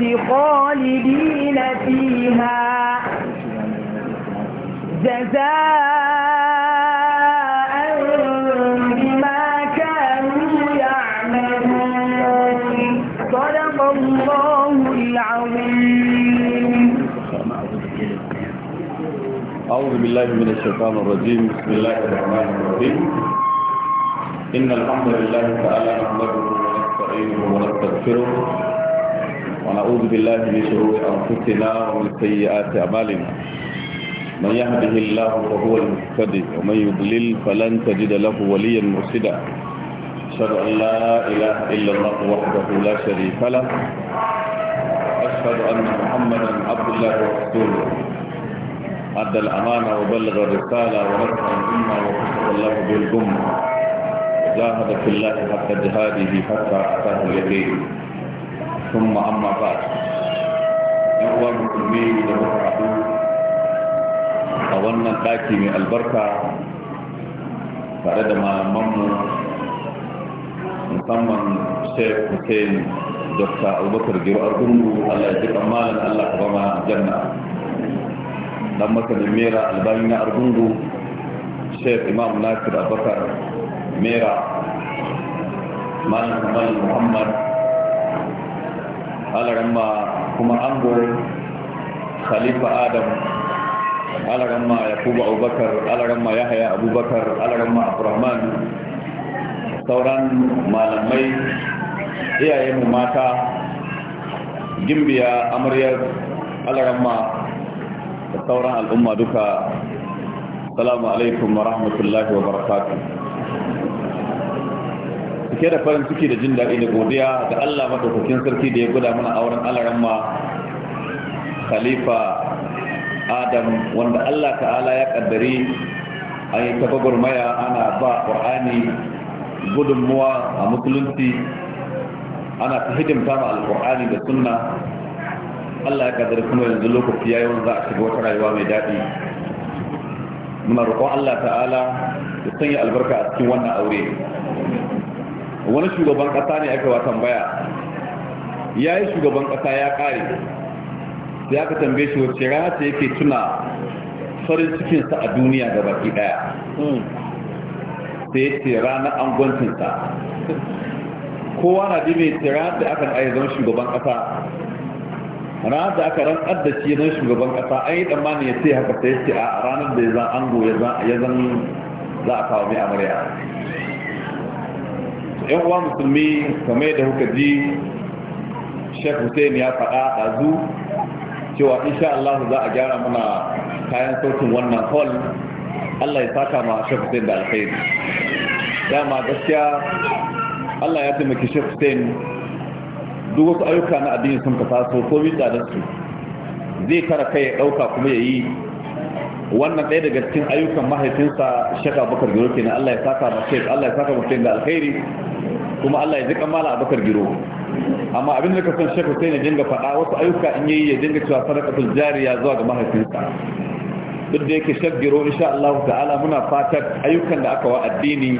خالدين فيها جزاء بما كانوا يعملون صدق الله العظيم أعوذ بالله من الشيطان الرجيم بسم الله الرحمن الرحيم إن الحمد لله تعالى نحمده ونستعينه ونستغفره ونعوذ بالله من شرور أنفسنا ومن سيئات أعمالنا من يهده الله فهو المهتدي ومن يضلل فلن تجد له وليا مرشدا أشهد أن لا إله إلا الله وحده لا شريك له أشهد أن محمدا عبد الله ورسوله أدى الأمانة وبلغ الرسالة ونصح الأمة وكتب الله بالأمة جاهد في الله حتى جهاده حتى أتاه اليقين ثم أما بعد أول مسلمين لبركاته أولنا الآتي من البركة tare da malamanmu musamman sheikh muhammad alaramma kuma ango khalifa adam ya yakubu abubakar ya haya abubakar ma abrahman sauran malamai mu mata gimbiya amaryar ma da sauran al'umma duka salamu alaikum wa rahmatullahi wa barakatuh cike da farin ciki da jin daɗi da godiya da Allah madaukakin sarki da ya guda mana auren alaramma khalifa adam wanda Allah ta'ala ya kaddari a yi ta gurmaya ana ba ƙur'ani gudunmuwa a musulunci ana ta hidimta ma alƙur'ani da sunna Allah ya kaddari kuma yanzu lokaci ya wani za a shiga wata rayuwa mai daɗi muna roƙon Allah ta'ala ya sanya albarka a cikin wannan aure wani shugaban kasa ne aka wa tambaya ya yi shugaban kasa ya kare sai aka tambaye shi wacce rana ce yake tuna farin cikinsa a duniya ga baki daya sai ce an gwancinsa kowa na dime ce ranar da aka ayi zama shugaban kasa ranar da aka rantsar da shi zan shugaban kasa an yi tsammanin ya ce haka sai ce a ranar da ya zan ango ya zan za a kawo mai amarya yan uwa musulmi kamar da kuka ji shek Hussein ya faɗa a zu, cewa insha Allah za a gyara mana kayan sautin wannan hall Allah ya saka ma shek Hussein da alkhairi dama gaskiya Allah ya taimaki shek Hussein duk wasu ayyuka na addini sun ka taso ko bisa da su zai tara kai ya ɗauka kuma ya yi wannan ɗaya daga cikin ayyukan mahaifinsa shaka bakar gero kenan Allah ya saka ma shek Allah ya saka ma da alkhairi kuma Allah ya zika mala abakar giro amma abin da ka san shekau sai na dinga faɗa wasu ayyuka in yi ya dinga cewa sadakatul jariya zuwa ga mahaifinsa duk da yake shek giro insha Allah ta'ala muna fatar ayyukan da aka wa addini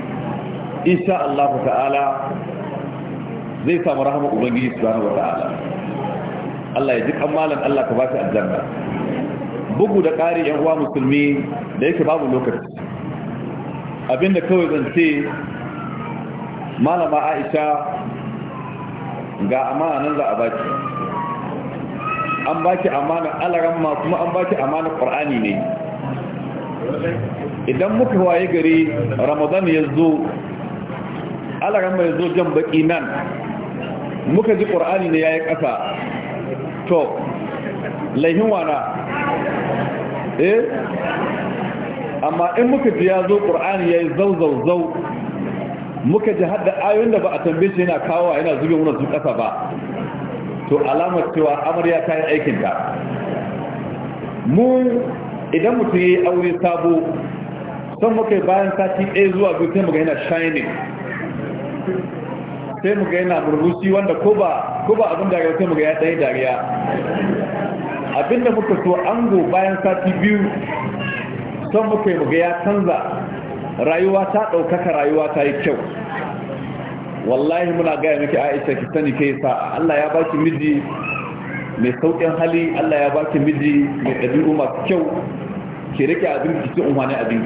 insha Allah ta'ala zai samu rahama ubangiji subhanahu ta'ala. Allah ya ji kamalan Allah ka ba shi aljanna bugu da ƙari yan uwa musulmi da yake babu lokaci abinda kawai zan ce malama aisha ga amana nan za a baki an baki amana alaran ma kuma an baki amana qur'ani ne idan muka waye gari ramadan ya zo alaran ya zo jan baki nan muka ji qur'ani ne ya yi ƙasa, to laihin wana eh amma in muka ji ya zo qur'ani yayi zau zau zau muka ji hada ayoyin da ba a tambaye shi yana kawo yana zube wurin su kasa ba to alamar cewa amarya ta yi aikin ta mu idan mutum ya yi aure sabo son muka bayan sati ɗaya zuwa biyu sai muga yana shining sai muga yana burbushi wanda ko ba ko ba abin dariya sai muga ya ɗaya dariya abinda muka so ango bayan sati biyu son muka yi muga ya canza rayuwa ta ɗaukaka rayuwa ta yi kyau wallahi muna gaya miki aisha ki sani kai sa Allah ya baki miji mai sauƙin hali Allah ya baki miji mai ɗabi'u masu kyau ki rike abin ki ci umarni abin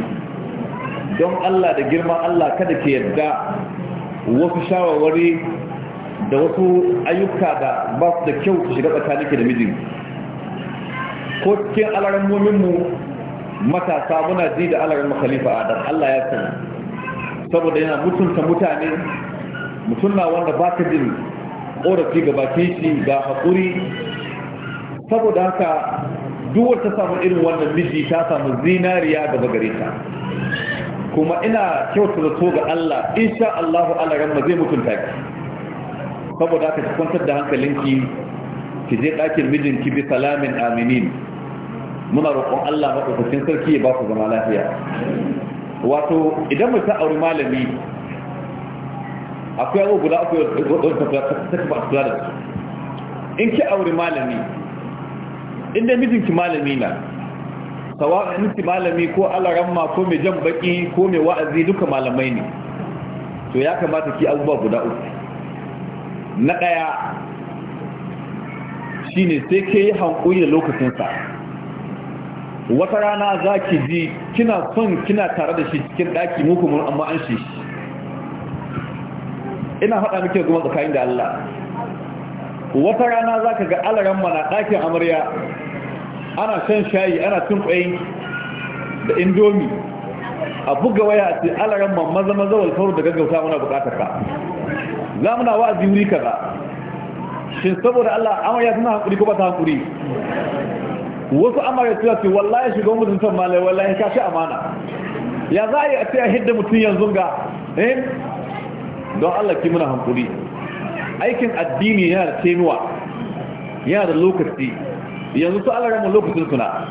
don Allah da girma, Allah kada ki yadda wasu shawarwari da wasu ayyuka da ba su da kyau ki shiga tsakaninki da mijin ko cikin alaran mu matasa muna ji da alarin khalifa dan Allah ya sani saboda yana mutunta mutane mutunna wanda ba ka jin ƙorafi ga baki shi ga haƙuri saboda haka duwar ta samu irin wannan miji ta samu zinariya gaba gare ta kuma ina kyautu da ga Allah insha Allahu alaran ma zai mutunta ki saboda haka ki kwantar da hankalinki ki je ɗakin mijinki bi salamin aminin muna roƙon Allah maɗaukakin sarki ya ba ku zama lafiya wato idan mu ta auri malami akwai abu guda akwai wadda ta ba su da su in ki auri malami inda mijinki malami na sawa ki malami ko alaramma ko mai jan baki ko mai wa'azi duka malamai ne to ya kamata ki abubuwa guda uku na ɗaya shine sai ke yi hankuli da lokacinsa wata rana za ki ji kina son kina tare da shi cikin ɗaki muku mun amma an shi ina faɗa miki kuma tsakanin da Allah wata rana za ka ga alaran mana ɗakin amarya ana shan shayi ana cin ƙwai da indomi a buga waya ce alaran man maza maza wal faru da gaggauta muna buƙatar ka za muna wa'azi wuri kaza shin saboda Allah amarya suna hankuri ko ba ta hankuri wasu amara suna ce wallahi shugaban mutuntan malai wallahi ka shi amana ya za a yi a ce a hidda mutum yanzu ga eh don Allah ki muna hankuri aikin addini yana da tenuwa yana da lokaci yanzu su Allah ramu lokacin suna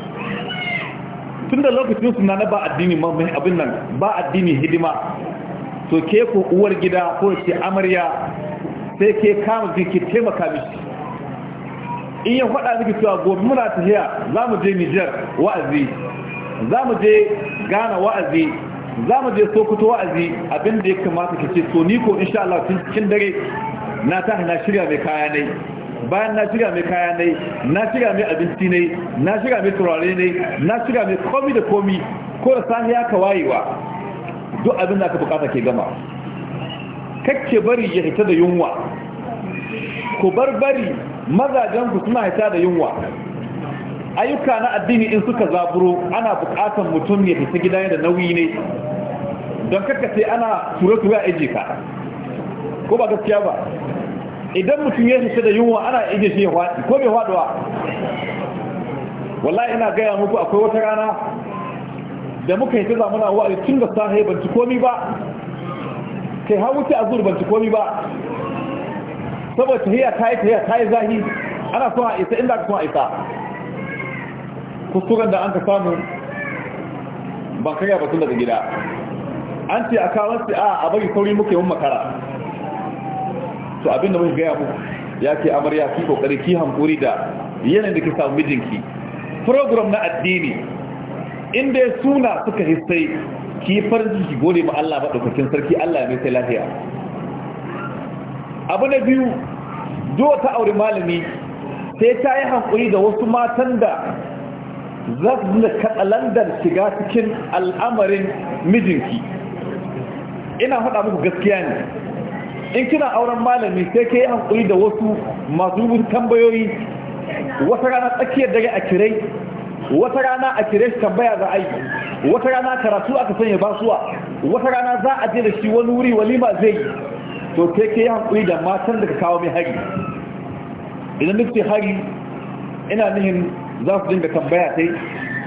tun da lokacin suna na ba addini abin nan ba addini hidima to ke ku uwar gida ko ce amarya sai ke kama ke taimaka mishi in ya faɗa miki cewa gobe muna tafiya za mu je Nijar wa'azi za mu je Ghana wa'azi za mu je Sokoto wa'azi abin da ya kamata ki ce so ni ko insha Allah cikin dare na tahi na shirya mai kaya ne bayan na shirya mai kaya ne na shirya mai abinci ne na shirya mai turare ne na shirya mai komi da komi ko da ya ka wayewa duk abin da ka bukata ke gama Kakke bari ya fita da yunwa ku bar bari mazajen ku suna haita da yunwa ayyuka na addini in suka zaburo ana bukatan mutum ya fita gida da nauyi ne don kakka sai ana ture-ture a ije ka ko ba gaskiya ba idan mutum ya fita da yunwa ana ije shi ya faɗi ko bai faɗuwa wallahi ina gaya muku akwai wata rana da muka yi zamana wa'adi tun da sahi ban ci komi ba kai har wuce azur ban ci komi ba saboda tahiya ta yi tahiya ta yi zahi ana son isa inda aka isa kuskuren da an ka samu ban batun daga gida an ce a kawon si a a bagi sauri muke yi makara to abin da muka gaya mu ya ke amarya ki kokari ki hankuri da yanayin da ke samu mijinki program na addini inda ya suna suka hissai ki farin jiki, gode ma Allah maɗaukakin sarki Allah ya mai sai lafiya abu na biyu duwa ta auri malami sai ta yi hankuri da wasu matan da za su zuna katsalandar shiga cikin al'amarin mijinki ina haɗa muku gaskiya ne in kina auren malami sai ka yi hankuri da wasu masu rubutu tambayoyi wata rana tsakiyar dare a kirai wata rana a kire shi tambaya za a yi wata rana karatu aka sanya basuwa wata rana za a je da shi wani wuri walima zai yi to kai ke yi da matan da ka kawo mai hari idan duk ce hari ina nihin za su dinga tambaya ta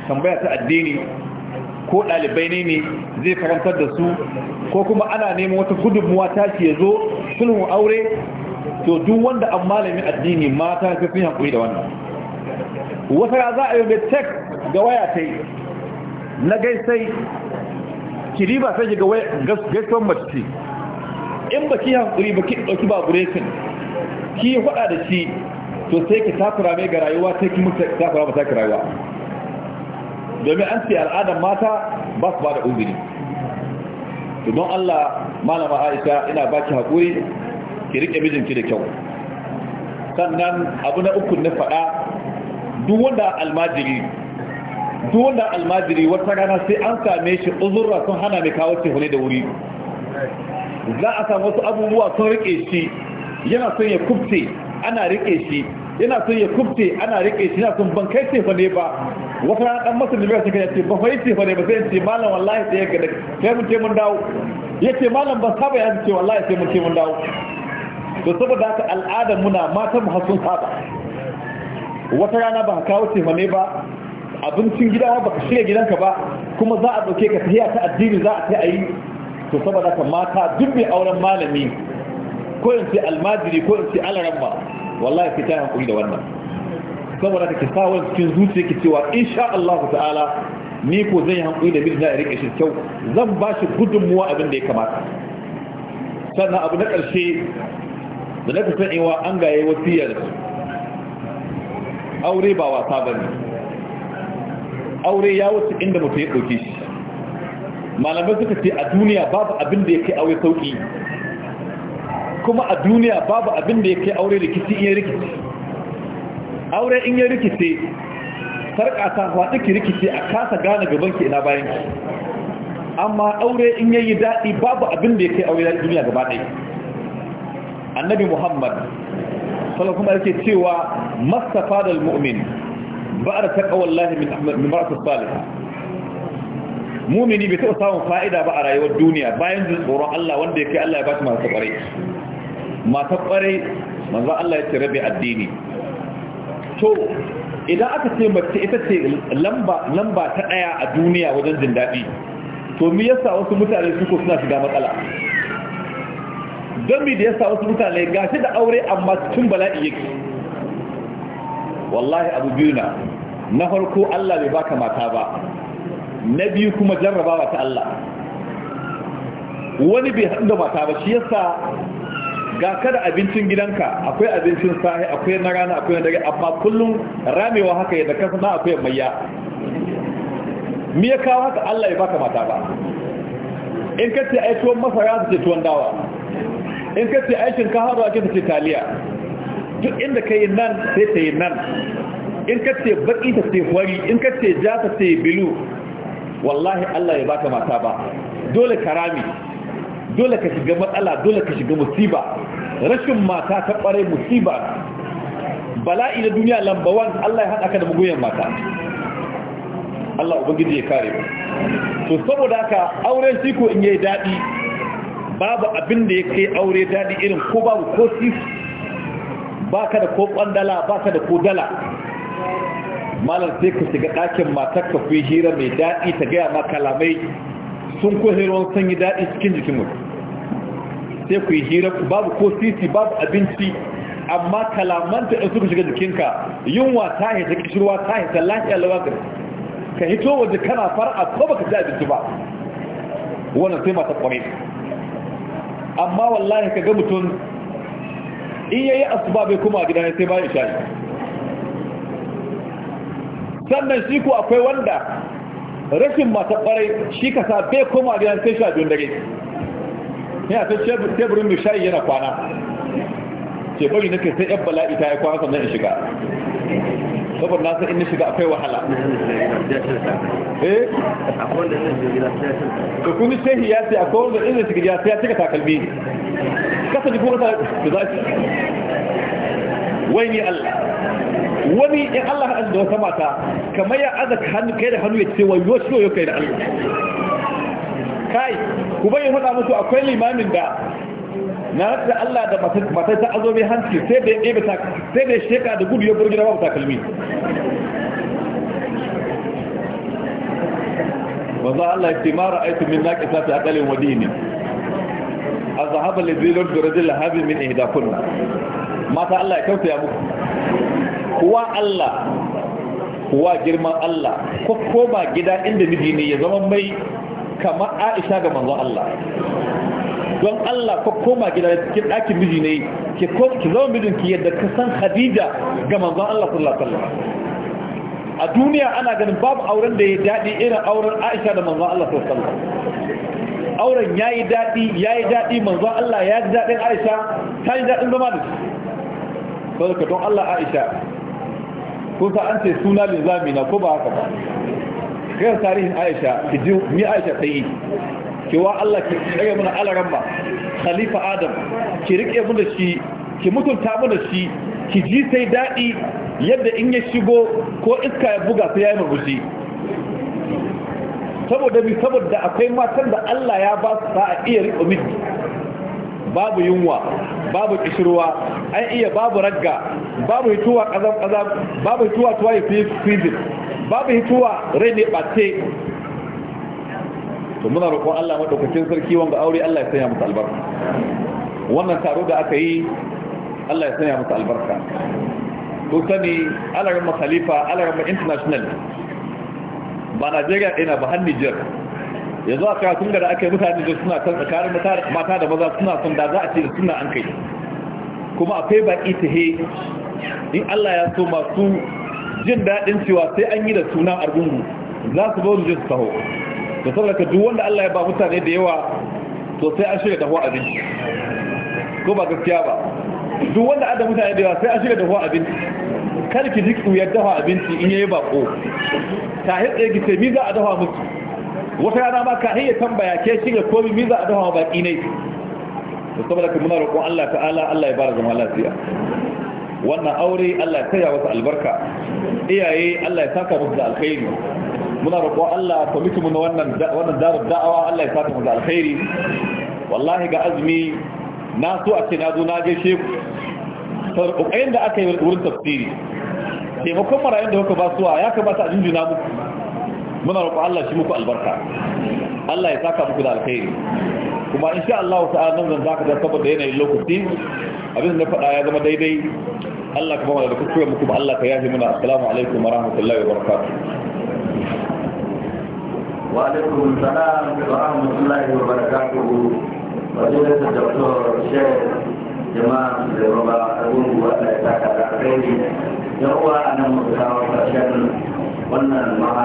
tambaya ta addini ko ɗalibai ne ne zai karantar da su ko kuma ana neman wata gudunmuwa ta ce ya zo sulhun aure to duk wanda an malamin addini mata ta fi hankuli da wannan wata ra za a yi mai tek ga waya ta yi na gaisai kiri ba sai ga gaisuwan mace in ba ki hankuri ba ki ɗauki baburetin ki yi faɗa da shi to sai ki takura mai ga rayuwa sai ki mutu takura ba taki rayuwa domin an ce al'adar mata ba su ba da uzuri to don Allah malama Aisha ina baki hakuri ki rike mijinki da kyau sannan abu na uku na faɗa duk wanda almajiri duk wanda almajiri wata rana sai an same shi uzurra sun hana mai kawo cehune da wuri za a samu wasu abubuwa sun rike shi yana son ya kufce ana rike shi yana son ya kufce ana rike shi yana son ban kai tefa ne ba wata rana dan masu limiyar suka yace ba fai tefa ne ba sai ce malam wallahi sai ga sai mun ce mun dawo yace malam ban saba ya ce wallahi sai mun ce mun dawo to saboda haka al'ada muna matan mu hasun saba wata rana ba kawo tefa ne ba abincin gida ba ka shirya gidanka ba kuma za a dauke ka tafiya ta addini za a ta ayi to saboda ka mata duk mai auren malami ko in ce almajiri ko in ce alaramma wallahi ki ta hankuri da wannan saboda ka ki sa cikin zuciya ki cewa insha Allah ta'ala ni ko zan yi hankuri da mijina ya rike shi kyau zan ba shi gudunmuwa abin da ya kamata sannan abu na ƙarshe da na kusan ewa an gaye wasiya da aure ba wasa ba ne aure ya wuce inda mutum ya ɗauke shi malamai suka ce a duniya babu abin da ya kai aure sauki kuma a duniya babu abin da ya kai aure rikici in ya rikici aure in ya rikici, sarƙa ta faɗi ki rikice a kasa gane gaban ki ina bayan ki amma aure in ya yi daɗi babu abin da ya kai aure duniya gaba ɗaya annabi muhammad sallallahu kuma yake cewa mastafa da mu'min ba'ar taqwallahi min min ba'at salih mumini bai taɓa samun fa'ida ba a rayuwar duniya bayan jin tsoron Allah wanda ya kai Allah ya ba shi masu ƙwarai masu ƙwarai manzan Allah ya ce rabe addini to idan aka ce mace ita ce lamba ta ɗaya a duniya wajen jin daɗi to mi yasa wasu mutane suko suna shiga matsala don mi da yasa wasu mutane ga shi da aure amma cikin bala'i yake wallahi abu biyu na na farko Allah bai baka mata ba na biyu kuma jarrabawa ta Allah wani bai haɗu da mata ba shi yasa ga kada abincin gidanka akwai abincin sahi akwai na rana akwai na dare amma kullum ramewa haka yadda kasa na akwai mayya Miya kawo haka Allah ya baka mata ba in ka ce ai tuwon masara ta ce tuwon dawa in ka ce aikin ka da ake ta ce taliya duk inda ka yi nan sai ta yi nan in ka ce baki ta ce wari in ka ce ja ta ce bilu wallahi Allah ya baka mata ba dole karami dole ka shiga matsala dole ka shiga musiba rashin mata ta kware musiba bala'i na duniya lamba wan Allah ya haɗa ka da muguyan mata Allah ubangiji ya kare to saboda haka auren siko in in yayi dadi babu abin da yake aure dadi irin ko babu ko baka da ko kwandala baka da ko dala malam sai ku shiga ɗakin matar ka fi hira mai daɗi ta gaya ma kalamai sun kuwa ruwan sanyi daɗi cikin jikin mutum sai ku yi hira babu ko sisi babu abinci amma kalamanta in suka shiga jikinka yunwa ta yi ta kishirwa ta yi ta lafiya lawakar ka hito waje kana fara ko baka ci abinci ba wannan sai mata kwarai amma wallahi ka ga mutum in yayi asuba bai kuma a gida sai bayan shayi sannan shi ku akwai wanda rashin mata ƙwarai shi ka sa bai koma biyan sai sha biyun dare a ta teburin mai shayi yana kwana ke bari na ke sai yan bala'i ta yi kwana sannan in shiga saboda na san in shiga akwai wahala ka eh? kuma shehi ya ce akwai wanda in shiga ya sai ya cika takalmi kasa ji kuma ta da za wai ni Allah wani in Allah haɗa da wata mata kamar ya aza hannu kai da hannu ya ce wai yoshiyo yau kai da Allah kai ku bayyana hada musu akwai limamin da na da Allah da matar ta azo mai hanci sai da ya ɗebe ta sai da ya sheka da gudu ya burgi da babu takalmi wanzu Allah ya ce ma aiki min naƙi sa ta ƙalin wadini a zahabar da zai da rajin lahabin min ihdakunna mata Allah ya ya muku kuwa Allah kuwa girman Allah ko koma gida inda miji ne ya zama mai kama Aisha ga manzon Allah don Allah ko koma gida cikin ɗakin miji ne ki ko ki zama mijinki yadda ka san Khadija ga manzon Allah sallallahu alaihi wasallam a duniya ana ganin babu auren da ya daɗi irin auren Aisha da manzon Allah sallallahu alaihi wasallam auren ya yi daɗi ya yi daɗi manzon Allah ya ji daɗin Aisha ta yi daɗin zama da shi ka don Allah Aisha ko sa an ce suna linzami na ko ba haka ba kan tarihin Aisha ki ji ni Aisha ta yi ki wa Allah ki rage mana alaran ba khalifa Adam ki rike mu da shi ki mutunta mu da shi ki ji sai dadi yadda in ya shigo ko iska ya buga sai ya yi murmushi saboda bi saboda akwai matan da Allah ya ba su sa'a iya riƙo miki babu yunwa babu kishirwa an iya babu ragga babu hituwa kazan kazan babu hituwa tuwa yi fi babu hituwa rai ne ɓace to muna roƙon Allah maɗaukacin sarki wanda aure Allah ya sanya musu albarka wannan taro da aka yi Allah ya sanya musu albarka to sani alarma khalifa ma international ba Najeriya ɗaya ba har Nijar yanzu a karatun da aka yi mutane da suna kan tsakanin mata da maza suna son da za a ce da suna an kai kuma akwai baki ta he in Allah ya so masu jin daɗin cewa sai an yi da suna argungu za su bau jin taho da saboda duk wanda Allah ya ba mutane da yawa to sai an shirya taho abinci ko ba gaskiya ba duk wanda ada mutane da yawa sai an shirya taho abinci kar ki ji kuyar dafa abinci in yayi bako ta hitsa ki ce mi za a dafa musu wata rana ma ka hayya tambaya ke shirya komai mi za a dafa baki ne to saboda kuma muna roƙon Allah ta'ala Allah ya bada zama lafiya wannan aure Allah ya taya wasu albarka iyaye Allah ya saka musu da alkhairi muna roƙon Allah kwamiti mu na wannan wannan darar da'awa Allah ya saka musu da alkhairi wallahi ga azumi na so a ce na zo na je sheku sau ƙoƙarin da aka yi wurin tafsiri taimakon marayun da kuka ba suwa ya kamata a jinjina muku muna roƙon Allah shi muku albarka Allah ya saka muku da alkhairi kuma insha sha Allah ta'ala nan zan zaka da saboda yanayin lokaci abin da fada ya zama daidai Allah ka bamu da kuskure muku ba Allah ka yafi muna assalamu alaikum wa rahmatullahi wa barakatuh wa alaikum salam wa rahmatullahi wa barakatuh wa jira da doktor Sheikh jama'a da roba abun wa da ta ka da kai yan uwa mu kawo karshen wannan